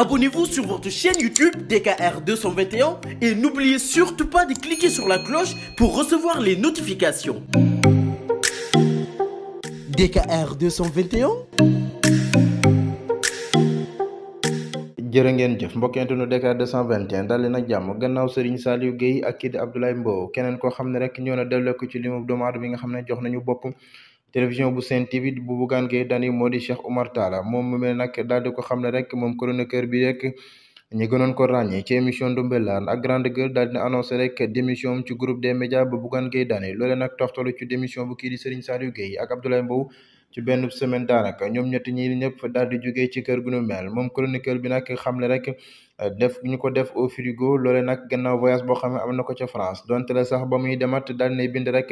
Abonnez-vous sur votre chaîne YouTube DKR 221 et n'oubliez surtout pas de cliquer sur la cloche pour recevoir les notifications. DKR 221. jërë ngeen jëf mbokkeentu nu DKR 221 dal leen ak jàmm gannaaw Serigne Saliou Gueye ak kii di Abdoulaye Mbow keneen koo xam ne rek ñoo na delloo ko ci limu doomu aadama yi nga xam ne jox nañu bokk télévision bu Sen TV bu Bougane Gueye Dany moo di Cheikh Oumar Tall moom mu mel nag daal di ko xam ne rek moom chroniqueur bi rek ñu gënoon ko ràññee ci émission Ndoumbelane ak Grande Gueule daal dina annoncé rek démission ci groupe des médias bu Bougane Gueye Dany loole nag toftalu ci démission bu kii di Serigne Saliou Gueye ak Abdoulaye Mbow ci benn semaine daanaka ñoom ñett ñi ñëpp daal di jógee ci kër bu nu mel moom chroniqueur bi nag xamle rek euh, def ñu ko def au frigo loole nag gannaaw boo xam ne am na ko ca France donte la sax ba muy demat daal bind rek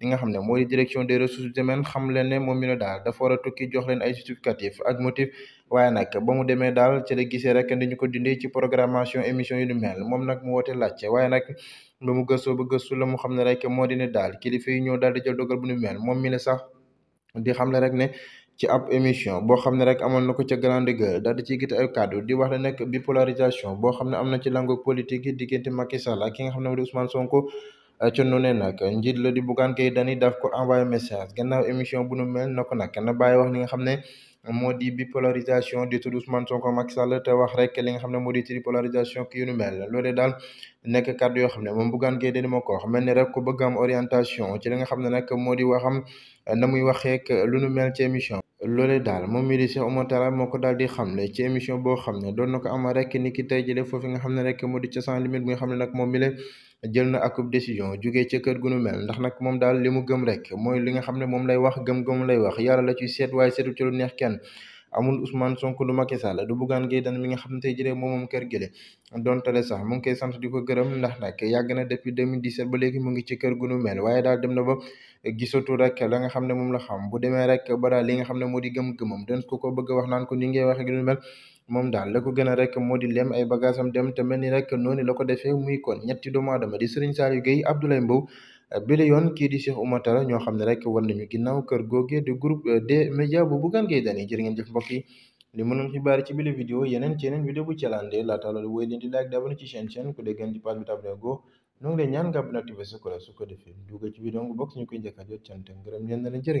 li nga xam ne moo di direction des ressources humaines xam leen ne moom mi ne daal a tukki jox leen ay justificatif ak motif waaye nag ba mu daal ci la gisee rek ni ñu ko dindee ci programmation émission yu nu mel moom nag mu woote laajte waaye nag ba mu gëstoo ba gëstu mu xam ne rek moo di ne daal kilifa yi ñoo daal di jël dogal bu nu moom mi sax di xamle rek ne ci ab émission boo xam ne rek amoon na ko ca grande gueule daal di ci gite ay kàddu di wax ne nag bipolarisation boo xam ne am na ci langue politique yi diggante Macky Sall ak ki nga xam ne moo di Ousmane Sonko. ca nu ne nag njiit la di Bougane Gueye Dany daf ko message gannaaw émission bu nu mel na ko nag na bàyyi wax li nga xam ne moo di bipolarisation di tudd Ousmane Sonko Macky Sall wax rek li nga xam ne moo di tripolarisation ki yu nu yoo xam ne moom Bougane Gueye Dany moo ko wax mel ni rek ku bëgg am orientation ci li nga xam ne nag moo di waxam na muy waxeek lu nu mel ci émission loolee daal moom mii di Cheikh Oumar Talla moo ko daal di xamle ci émission boo xam ne doon na ama rek ni ki tey jële foofu nga xam ne rek moo di ca sans limite xam ne nag moom mi le jël na akub décision jugee ca kër gu nu mel ndax nag moom daal li mu gëm rek mooy li nga xam ne moom lay wax gëm-gëm lay wax yàlla la ciy seet waaye seetu ci lu neex kenn amul Ousmane Sonko du Macky Sall du Bougane Gueye Dany mi nga xam ne tey jëlee moomoom kër gile doontale sax mu ngi koy sant di ko gërëm ndax nag yàgg na depuis 2017 ba léegi mu ngi ci kër gu nu mel waaye daal dem na ba gisatu rek la nga xam ne moom la xam bu demee rek ba daal li nga xam ne moo di gëm-gëmam dañ ko ko bëgg wax naan ko ni ngay waxee gi nu mel moom daal la ko gën rek moo di lem ay bagage dem te mel ni rek noonu la ko defee muy kon ñetti doomu aadama di Serigne Saliou Gueye Abdoulaye Mbow euh, bi la yoon kii di Cheikh Oumar Talla ñoo xam ne rek war nañu ginnaaw kër googe di groupe euh, des médias bu Bougane Gueye Dany jërë ngeen jëf mbokk yi li mënoon xibaar ci bile vidéo yeneen ci yeneen vidéo bu ci lande laata loolu wéy leen di like di abonné ci chaîne chaîne ku déggan di page bi tabale go ñoo ngi ñaan nga abonné activé sa su ko defee dugg ci bi donc box ñu koy njëkk a jot cant ngërëm ñeen na leen jërë